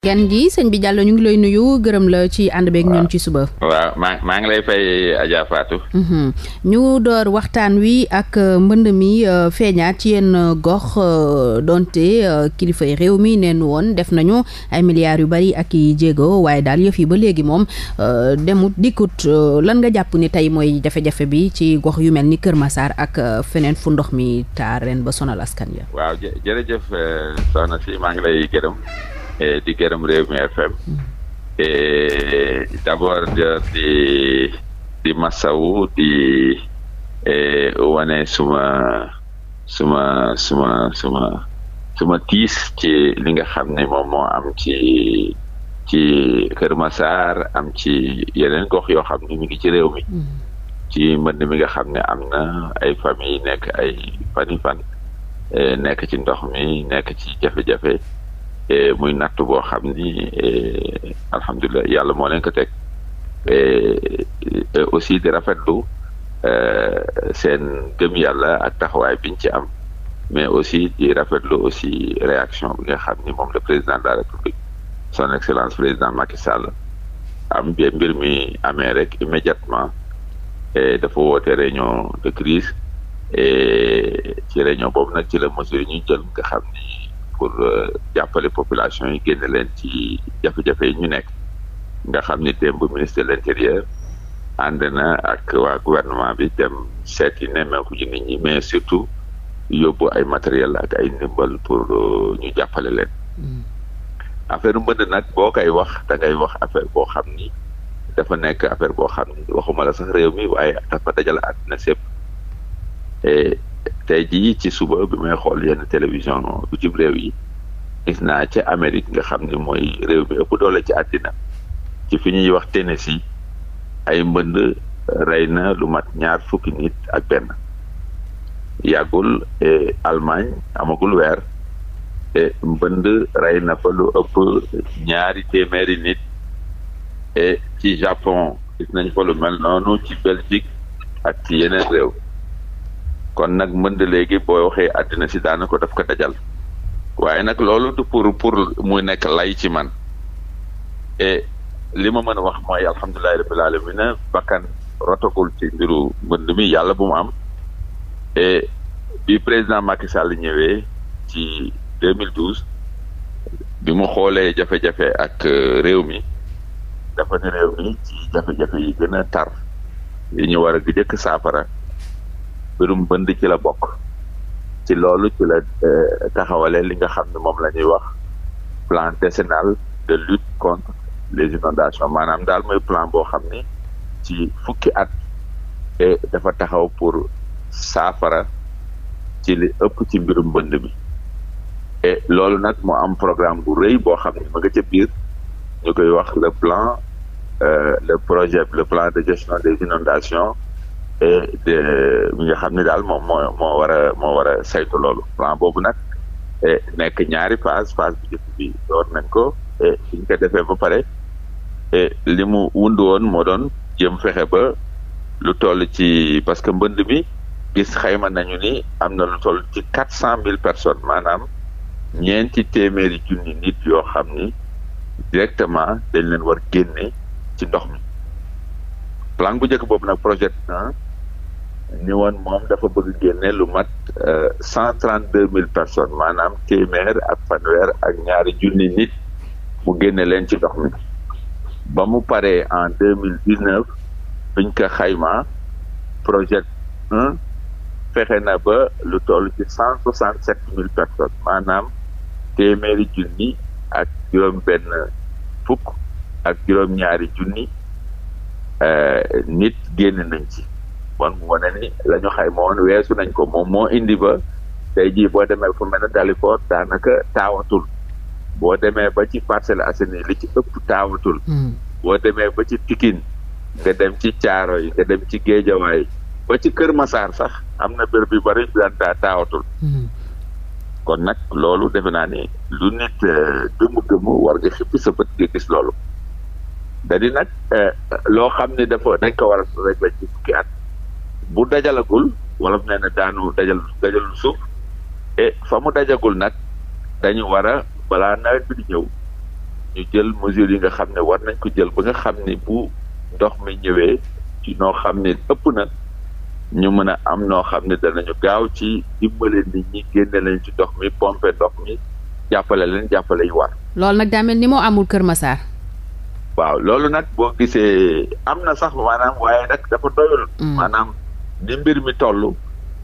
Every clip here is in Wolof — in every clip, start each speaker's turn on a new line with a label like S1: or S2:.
S1: gan gi sëñ bi Diallo ñu ngi lay nuyu gërëm la ci ànd beeg ñoom ci suba.
S2: waaw maa maa ngi lay fay Adja
S1: mhm. ñu door waxtaan wi ak euh, mbënd mi euh, feeñaat ci yenn euh, gox donte kilifay réew mi neen woon def nañu ay milliards yu bari ak i jéego waaye daal yëf yi ba léegi moom demut dikkut lan nga jàpp ni tey mooy jafe-jafe bi ci gox yu mel ni Kër Massar ak feneen fu ndox mi taar ren ba sonal askan ya
S2: waaw jërëjëf soxna si maa ngi lay gërëm. Eh, di gërëm Rewmi FM eh, d' abord di di masawu di eh, wane suma suma suma suma suma tiis ci li nga xam ne moom moo am ci ci Kër Massar am ci yeneen gox yoo xam ne mi ngi ci réew mi mm. ci mbënd mi nga xam ne am na ay famille nekk ay fani fan nekk ci ndox mi nekk ci jafe-jafe E, muy natt boo xam ni e, alhamdulilah yàlla moo leen ko teg e, aussi di rafetlu seen gëm yàlla ak taxawaay biñ ci am mais aussi di rafetlu aussi réaction bi nga xam ni moom le président de la république son excellence président Macky Sall am bi mbir mi amee rek immédiatement dafa woote réunion de crise et ci réunion boobu nag ci la mesure ñu jël nga xam ni pour euh, jàppale population yi génne leen ci jafe-jafe yi ñu nekk nga xam ni démb ministre de l'intérieur ànd na ak waa gouvernement bi dem seeti nemmeeku ji mais surtout yóbbu ay matériel ak ay ndimbal pour euh, ñu jàppale leen hmm. affaire mbënd nag boo wax da wax affaire boo xam ni dafa nekk affaire boo xam ni waxuma la sax réew mi waaye dafa dajal àddina sépp tey ji ci suba bi may xool yenn télévision bu jub réew yi gis naa ci Amérique nga xam ni mooy réew mi ëpp doole ci àddina ci fi ñuy wax Tennessee ay mbënd rey na lu mat ñaar fukki nit ak benn yàggul eh, Allemagne amagul weer eh, mbënd rey na fa lu ëpp ñaari téeméeri nit eh, ci Japon gis nañ fa lu mel noonu ci Belgique ak ci yeneen réew kon nag mbënd léegi boo waxee àddina si daanaka daf ko dajal waaye nag loolu du pour pour mu nekk lay ci man e li ma mën a wax mooy alhamdulilahi rabbil alamina bakkan rotagul ci mbiru mbënd mi yàlla bu mu am et bi président Macky Sall ñëwee ci 2012 bi mu xoolee jafe-jafe ak e, réew mi dafa ne réew mi ci jafe-jafe yi gën a tar yi ñu war jëkk saafara mbirum bënd ci la bokk ci loolu ci la euh, taxawale li nga xam ne moom la ñuy wax plan décennal de lutte contre les inondations maanaam daal mooy plan boo xam ni ci fukki at et eh, dafa taxaw pour saafara ci li ëpp ci mbirum mbënd bi et loolu nag moo am programme bu rëy boo xam ne ma nga ca biir ñu koy wax le plan euh, le projet le plan de gestion des inondations mi nga xam ni daal moom moo moo war a moo war a saytu loolu plan boobu nag eh, nekk ñaari phase phase bu njëkk bi door nañ ko suñ eh, ko defee ba pare eh, li mu wundu woon moo doon jëm fexe ba lu toll ci parce que mbënd bi gis xayma nañu ni am na lu toll ci quatre cent mille personnes maanaam ñeenti téeméeri junni nit yoo xam ni directement dañ leen war génne ci ndox mi plan bu njëkk boobu nag projet un ni woon moom dafa bëgg génne lu mat euh, cent trente deux mille personnes maanaam téeméer ak fanweer ak ñaari junni nit mu génne leen ci ndox mi ba mu paree en deux mille dix ko xayma projet un fexe na ba lu toll ci cent soixante sept mille personnes maanaam téeméeri junni ak juróom benn fukk ak juróom ñaari junni euh, nit génn nañ ci bon mu wane ni la ñu xayma woon weesu nañ ko moom moo indi ba tey jii boo demee fu mel ne Dalifort daanaka taawatul boo demee ba ci Parcelles Assainies li ci ëpp taawatul. Hmm. boo demee ba ci Pikine nga dem ci caaro Thiaroye nga dem ci Guédiawaye ba ci Kër masaar sax am na béréb yu bari daan daa taawatul. Hmm. kon nag loolu defe naa ni lu nit gëmu-gëmu euh, war nga xippi sa nga gis loolu dadi nag euh, loo xam ne dafa dañ ko war a régler ci fukki at bu dajalagul wala mu nee na daanu dajal dajalul suuf et fa mu dajagul nag dañu war a balaa nawet bi di ñëw ñu jël mesures yi nga xam ne war nañ ko jël ba nga xam ni bu ndox mi ñëwee ci noo xam ne ëpp na ñu mën a am noo xam ne danañu gaaw ci dimbale nit ñi génne leen ci ndox mi pompe ndox mi jàppale leen jàppale yu war.
S1: loolu nag daa ni moo amul Kër Massar.
S2: waaw loolu nag boo gisee am na sax maanaam waaye nag dafa doyul. Mm. maanaam ni mbir mi toll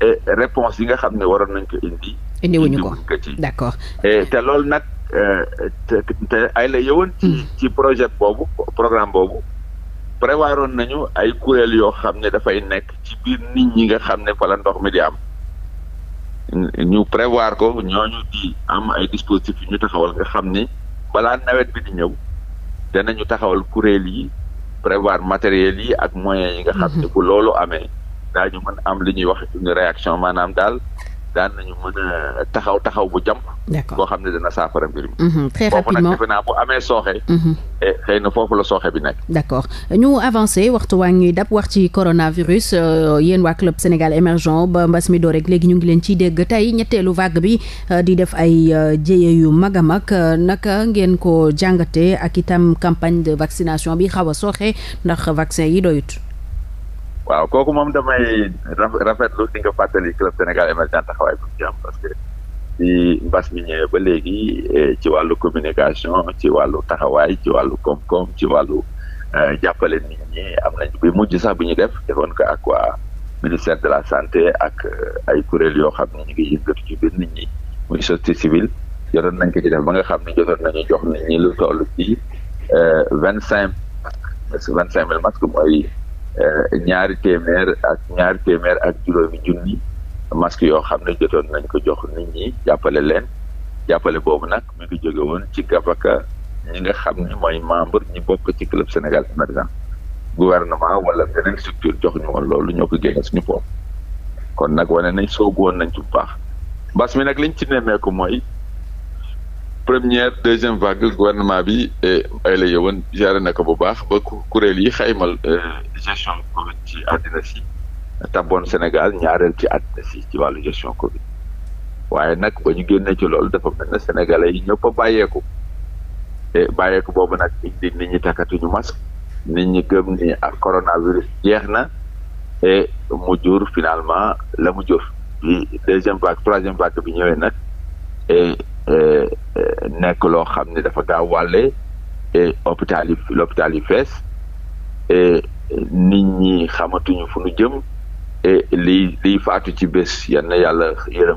S2: et réponse yi nga xam ne waroon nañ ko
S1: indi. indiwuñu ko ci d'accord
S2: e te loolu nag e te te ay la yëwoon. Hmm. ci projet boobu programme boobu. prévoiroon nañu ay kuréel yoo xam ne dafay nekk ci biir nit ñi nga xam ne fa la ndox mi di am. ñu prévoir ko ñooñu di am ay dispositifs yu ñu taxawal nga xam ni balaa nawet bi di ñëw danañu taxawal kuréel yi prévoir matériel yi ak moyens yi nga xam ne hmm. bu loolu amee daañu mën am li ñuy wax une réaction maanaam daal daan nañu mën taxaw taxaw bu jàmp boo xam ne dina saafara mbir
S1: mhm, très rapidement
S2: foofu amee sooxe mhm. eh, xëy foofu la sooxe bi nekk
S1: d' accord ñu avancé waxtu waa ñuy dab wax ci coronavirus euh, yéen waa club Sénégal émergent ba mbas mi doo rek léegi ñu ngi leen ciy dégg tey ñetteelu vague bi euh, di def ay euh, jéye yu mag a mag naka ngeen ko jàngate ak itam campagne de vaccination bi xaw a sooxe ndax vaccin yi doyut
S2: waaw kooku moom damay rafetlu di nga fàttali club Sénégal émergent taxawaay bu mu ci parce que ci mbas mi ba léegi eh, ci wàllu communication ci wàllu taxawaay ci wàllu koom-koom ci wàllu eh, jàppale nit ñi am nañ bi mujj sax bi ñu def defoon ko ak waa ministère de la santé ak eh, ay kuréel yoo xam ne ñu ngi yëngatu ci biir nit ñi muy société civile jotoon nañ ko ci def ba nga xam ne jotoon nañu jox nit ñi lu toll ci vingt cinq vingt cinq mille masques mooy ñaari téeméer ak ñaari téeméer ak juróomi junni masque yoo xam ne jotoon nañ ko jox nit ñi jàppale leen jàppale boobu nag mi ngi jóge woon ci gafaka ñi nga xam ne mooy membre ñi bokk ci club Sénégal émergent gouvernement wala beneen structure jox ñu woon loolu ñoo ko génne suñu bopp kon nag wane nañ soogu woon nañ ci bu baax mbas mi nag liñ ci nemmeeku mooy première deuxième vague gouvernement bi eh, ay la yowoon géré na ko bu baax ba kuréel yi xaymal eh, gestion Covid ci àddina si taboon Sénégal ñaareel ci àddina si ci wàllu gestion Covid waaye nag ba ñu génnee ci loolu dafa mel ne sénégalais yi ñëpp a bàyyeeku te boobu nag indi nit ñi takkatuñu masque nit ñi gëm ni coronavirus jeex na et mu jur finalement la mu jur bi deuxième vague troisième vague bi ñëwee nag et e, e, nekk loo xam ne dafa gaaw wàlle et hôpital yi l'hôpital yi fees E, nit ñi xamatuñu fu nu jëm et liy faatu ci bés yal na yàlla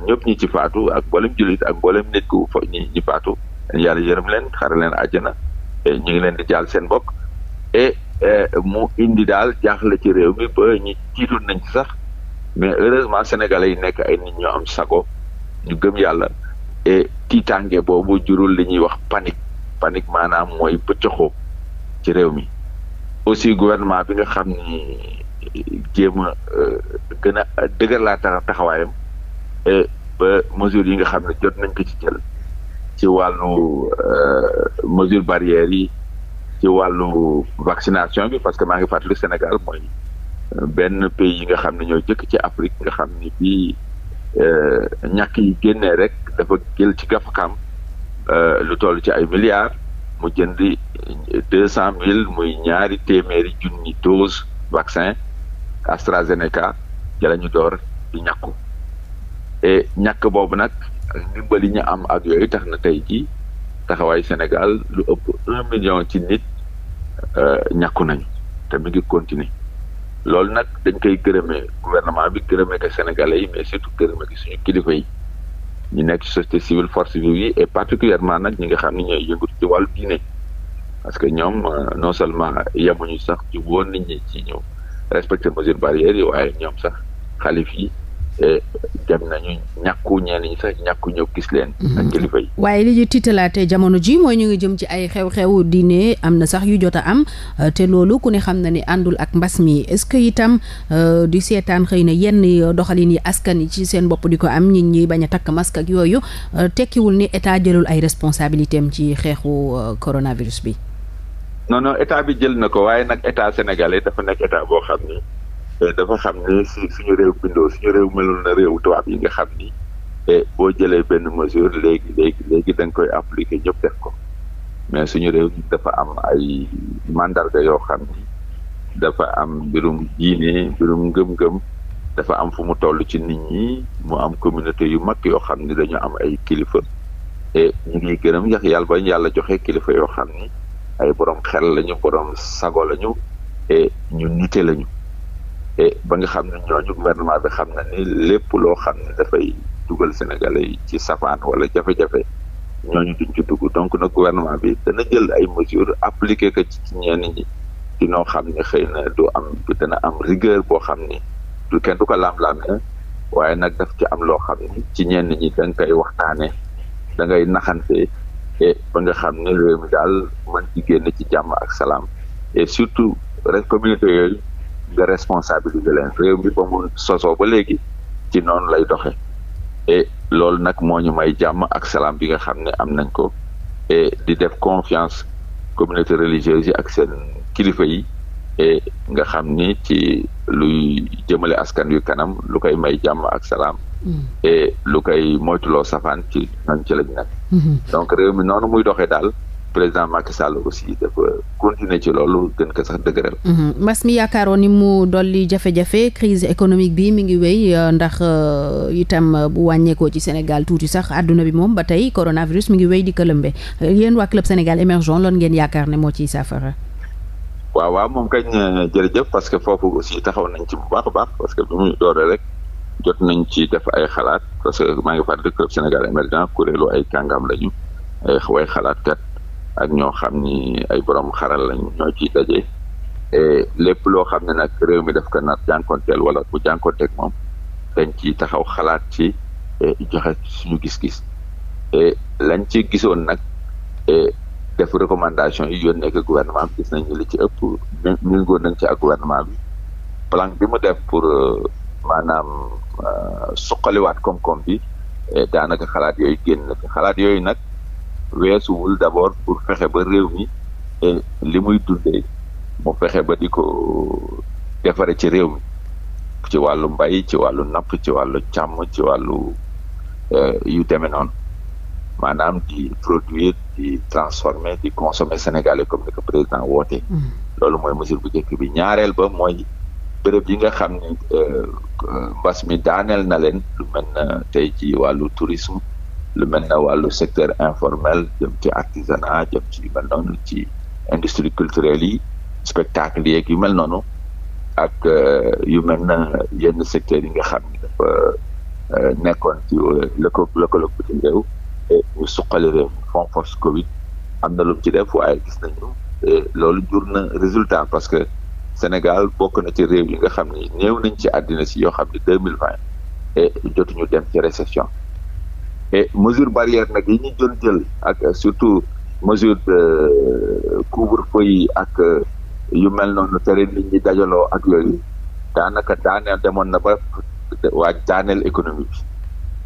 S2: ñëpp ñi ci faatu ak mboolem jullit ak mboolem nit ku ñi ñi faatu yàlla yërëm leen xare leen àjjana e, ñu ngi leen di jaal seen bokk et e, mu indi daal jaaxle ci réew mi ba ñi tiitul nañ sax mais heureusement sénégalais yi nekk ay nit ñu am sago ñu gëm yàlla et tiitaange boobu jurul li ñuy wax panique panique maanaam mooy pëccëxoo ci réew mi aussi gouvernement bi nga xam ni jéem a euh, gën a dëgër laa tax taxawaayam euh, ba mesures yi nga xam ne jot nañ ko ci jël ci wàllu euh, mesure barrières yi ci wàllu vaccination bi parce que maa ngi fàttali Sénégal mooy benn pays yi nga xam ne ñoo jëkk ci Afrique nga xam ni bii ñàkk yi génnee rek dafa jël ci gafakaam lu toll ci ay milliards mu jënd deux cent mille muy ñaari téeméeri junni dose vaccin AstraZeneca ja la ñu door di ñàkku et ñàkk boobu nag ndimbali ñu am ak yooyu tax na tey ji taxawaay Sénégal lu ëpp un million ci nit e, ñàkku nañu te mi ngi continuer loolu nag dañ koy gërëmee gouvernement bi gërëmee ko Sénégalais yi mais surtout gërëmee ko suñu kilifa yi ñu nekk ci société civile force vive yi et particulièrement nag ñi nga xam ne ñooy yëngu ci wàllu diine parce que ñoom euh, non seulement yemuñu sax ci woon nit ñi ci ñëw respecter mesures barrières waaye ñoom sax xalif yi Eh, dem nañu ñàkku ñenn ñi sax ñàkku ñëw gis leen. Mm-hmm. ak kilifa yi.
S1: waaye li ñu tiitalaatee jamono ji mooy ñu ngi jëm ci ay xew-xewu diine am na sax yu jot a am eh, te loolu ku ne xam na ni àndul ak mbas mi est-ce que itam eh, di seetaan xëy na yenn doxalin yi askan yi ci seen bopp di ko am nit ñi bañ a takk masque ak yooyu tekkiwul ni état jëlul ay responsabilité am ci xeexu coronavirus bi.
S2: non non bi jël na ko waaye nag état sénégalais dafa nekk état boo xam ni. Euh, dafa xam ne si suñu réew bindoo suñu réew meloon na réew tubaab yi nga xam ni eh, boo jëlee benn mesure léegi léegi léegi da nga koy appliquer ñëpp def ko mais suñu réew dafa am ay mandarga yoo xam ni dafa am mbirum diine mbirum ngëm-ngëm dafa am fu mu toll ci nit ñi mu am communauté yu mak yoo xam ni dañu am ay kilifa e ñu gërëm yax yàlla bañ yàlla joxe kilifa yoo xam ni ay borom xel lañu borom sago lañu et ñu nite lañu. et eh, ba nga xam ne ñooñu gouvernement bi xam na ni lépp loo xam ne dafay dugal sénégalais yi ci safaan wala jafe-jafe ñooñu duñ ci dugg donc nag gouvernement bi dana jël ay mesures appliqué ko ci ñenn ñi ci noo xam ne xëy na du am dana am rigueur boo xam ni du du ko laam waaye nag daf ci am loo xam ni ci ñenn ñi da nga koy waxtaane da ngay naxante et ba nga xam ne réew mi daal mën ci génn ci jàmm ak salaam et surtout rek communauté yooyu nga responsabiliser leen réew mi ba mu sosoo ba léegi ci noonu lay doxe et loolu nag moo ñu may jàmm ak salaam bi nga xam ne am nañ ko et di def confiance communauté religieuse yi ak seen kilifa yi et nga xam ni ci luy jëmale askan wi kanam lu koy may jàmm ak salaam. Mm. et lu koy moytuloo safaan ci nañ ci lañ nekk. Mm-hmm. donc réew mi noonu muy doxee daal. président Macky Sall aussi dafa continuer ci loolu gën ko sax dëgëral.
S1: Mhm. mbas mi yaakaaroon ni mu dolli jafe-jafe crise économique bi mi ngi wéy euh, ndax euh, itam euh, bu wàññeekoo ci Sénégal tuuti sax àdduna bi moom ba tey coronavirus mi ngi wéy di këlëmbe yéen waa Club Sénégal émergent loolu ngeen yaakaar ne moo ciy saafara.
S2: waaw waaw moom kañ jërëjëf parce que foofu aussi taxaw nañ ci bu baax baax parce que bi muy doore rek. jot nañ ci def ay xalaat parce que maa ngi fàttali Club Sénégal émergent ak ñoo xam ni ay borom xaral lañu ñoo ciy e et lépp loo xam ne nag réew mi daf ko nar jànkonteel wala bu teg moom dañ ci taxaw xalaat ci e joxe suñu gis-gis et lañ ci gisoon nag e def recommandation yi yónnee ko gouvernement bi gis nañu li ci ëpp ñu ngoon nañ ci ak gouvernement bi plan bi mu def pour e maanaam suqaliwaat koom-koom bi daanaka xalaat yooyu génn na xalaat yooyu nag weesuwul d' abord pour fexe ba réew mi li muy dundee fexe ba di ko defare ci réew mi ci wàllu mbay ci wàllu napp ci wàllu càmm ci wàllu euh, yu demee noonu maanaam di produire di transformer di consommer sénégalais comme ni ko président woote. Mm-hmm. loolu mooy mesure bu njëkk bi ñaareel ba mooy béréb yi nga xam ne euh, mbas mi daaneel na leen lu mel na tey ci wàllu tourisme lu mel na wàllu secteur informel jëm ci artisanat jëm ci mel noonu ci industrie culturelle yi spectacle yeeg yu mel noonu ak euh, yu mel na yenn secteurs yi nga xam ni euh, nekkoon ci euh, lëkkaloo lëkkaloo bitim réew ñu suqali réew fond force Covid am na lu ci def waaye gis nañu loolu jur na résultat parce que Sénégal bokk na ci réew yi nga xam ni néew nañ ci àddina si yoo xam ni deux mille vingt et jotuñu dem ci récession et mesure barrière nag yi ñu jël jël ak surtout mesure de euh, couvre-feu yi ak euh, yu mel noonu tere nit ñi dajaloo ak yooyu daanaka daaneel demoon na ba waaj daaneel économie bi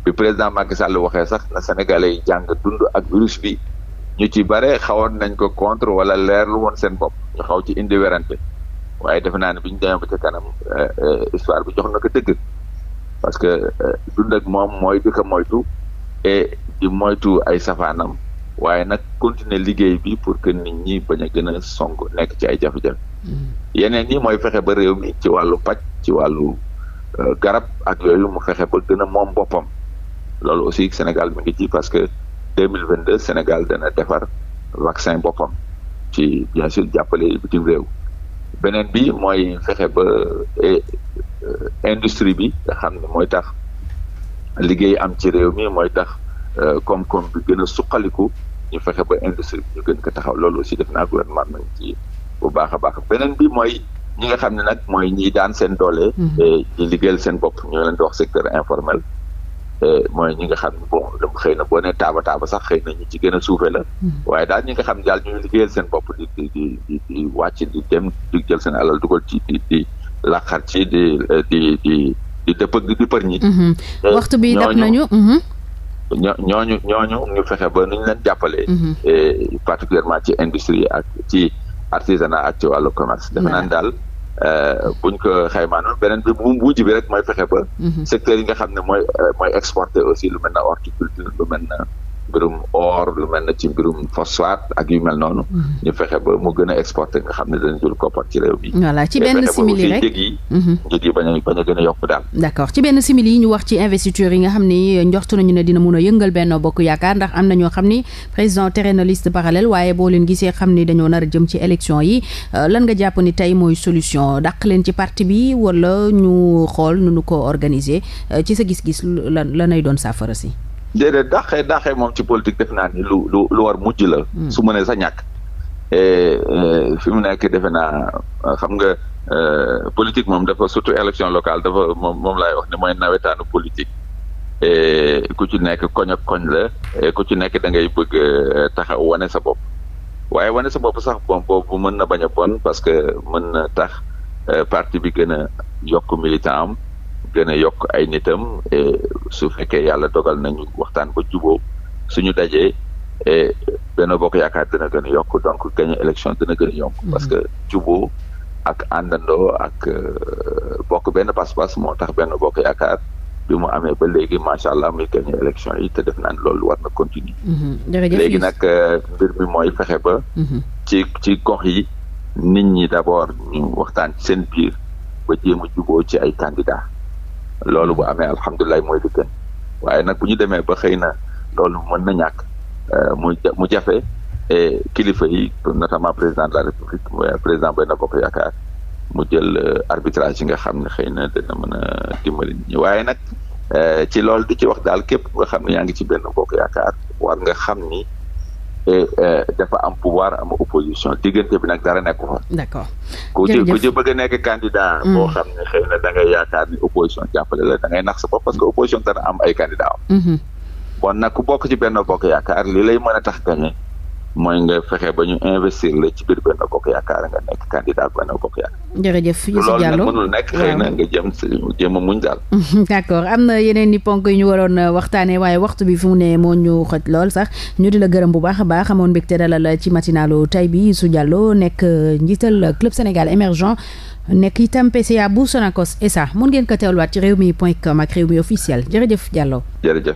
S2: bi président Macky Sall waxee sax na sénégalais yi jàng dund ak virus bi ñu ci bare xawoon nañ ko contre wala leerlu woon seen bopp ñu xaw ci indi werante waaye defe naa ne bi ñu demee ba ca kanam euh, histoire bi jox na ko dëgg parce que dund ak moom mooy di ko moytu et di moytu ay safaanam waaye nag continuer liggéey bi pour que nit ñi bañ a gën a song nekk ci ay jafe-jafe hmm. yeneen yi mooy fexe ba réew mi ci wàllu paj ci wàllu e, garab ak yooyu mu fexe ba gën a moom boppam loolu aussi Sénégal mi ngi ci parce que deux mille vingt deux Sénégal dana defar vaccin boppam ci bien sûr jàppale bitim réew beneen bi mooy fexe ba e, e, industrie bi xam ne mooy tax liggéey am ci réew mi mooy tax euh, koom-koom bi gën a suqaliku ñu fexe ba industrie bi ñu gën ko taxaw loolu aussi def naa gouvernement nañ ci bu baax a baax beneen bi mooy ñi nga xam ne nag mooy ñiy daan seen doole. Mhm. Euh, di liggéeyal seen bopp ñu leen di wax secteur informel. Euh, mooy ñi nga xam ne bon xëy na boo taaba taaba sax xëy na ñu ci gën a la. Mhm. waaye daal ñi nga xam daal ñuy liggéeyal seen bopp di di di di wàcc di dem di jël seen alal dugal ci di ci di di di. di dëpp di për ñi.
S1: Mm-hmm. Euh, waxtu bi dab nañu mm-hmm.
S2: ñooñu ñooñu ñu fexe ba nu ñu leen jàppale. Mm-hmm. et particulièrement ci industrie ak ci artisanat ak ci defe naan daal euh, buñ ko xaymaa noonu beneen bi bu mujj bi rek mooy fexe ba. secteur yi nga xam ne mooy euh, mooy exporter aussi lu mel na horticulture lu mel na. mbirum or lu mel na ci mbirum phosphate ak yu mel noonu. Mhm. ñu fexe ba mu gën a exporté nga xam ne dana jël koppar réew bi voilà ci benn simili rek njëg yi. Mhm. bañ a gën a yokk daal.
S1: d'accord ci benn simili yi ñu wax ci investiture yi nga xam ni njortu nañu ne dina mun a yëngal Benno Bokk Yaakaar ndax am na ñoo xam ni président tere na liste parallèle waaye boo leen gisee xam ni dañoo nar a jëm ci élection yi euh, lan nga jàpp ni tey mooy solution daq leen ci parti bi wala ñu xool nu ko organiser euh, ci sa gis-gis lan lanay doon saafara si.
S2: déedéet dàqee dàqee moom ci politique defe naa lu lu lu war mujj la. Hmm. su mënee sa ñàkk. Euh, fi mu nekk defe naa xam nga euh, politique moom dafa surtout élection locale dafa moom moom laay wax ne mooy nawetaanu politique. ku ci nekk koñ koñ la ku ci nekk dangay ngay bëgg euh, taxaw wane sa bopp waaye wane sa bopp sax bon boobu mën na bañ a bon parce que mën na tax partie bi gën a yokk militant gën a yokk ay nitam su fekkee yàlla dogal nañu waxtaan ba juboo suñu dajee benn Bokk Yaakaar dina gën yokk donc gagné élection dina gën a yokk mm-hmm. parce que juboo ak àndandoo ak euh, bokk benn pas-pas moo tax benn Bokk Yaakaar bi mu amee ba léegi macha allah muy gagné élection yi te def naan loolu war na continuer
S1: mm-hmm. léegi nag
S2: euh, mbir mi mooy fexe ba mm-hmm. ci ci gox yi nit ñi d'abord ñu waxtaan ci seen biir ba jéem a ci ay candidats loolu bu amee alhamdulilah mooy di gën waaye nag bu ñu demee ba xëy na loolu mën na ñàkk euh, mu mu jafe kilifa yi notamment président de la république euh, président Benno Bokk Yaakaar mu jël euh, arbitrage yi nga xam ne xëy na dana mën a dimbali nit waaye nag ci loolu di ci wax daal képp nga xam ne yaa ngi ci benn bokk yaakaar war nga xam ni et eh, dafa am pouvoir am opposition diggante bi nag dara nekk fa.
S1: d'accord ku ci ku
S2: a nekk candidat. Mm. boo xam ne xëy na ni opposition jàppale la da ngay nax sa parce que opposition dana am ay candidat am. Mm-hmm. bon nag ku bokk ci benn bokk yaakaar li lay mën a tax gañe mooy nga fexe ba ñu investir la ci biir benn bokk yaakaar nga nekk candidat benn bokk yaakaar.
S1: jërëjëf Youssou Diallo mënul nekk xëy na
S2: nga jëm si muñ daal.
S1: d'accord am na yeneen i ponk yu ñu waroon euh, waxtaanee waaye waxtu bi fu mu ne moo ñu xoj lool sax ñu di la gërëm bu baax a baax amoon mbégte dalal ci matinalu tay bi su Diallo nekk euh, njiital Club Sénégal Émergent nekk itam PCA bu Sonacos SA mun ngeen ko teewluwaat ci réew mi point com ak jërëjëf
S2: Diallo.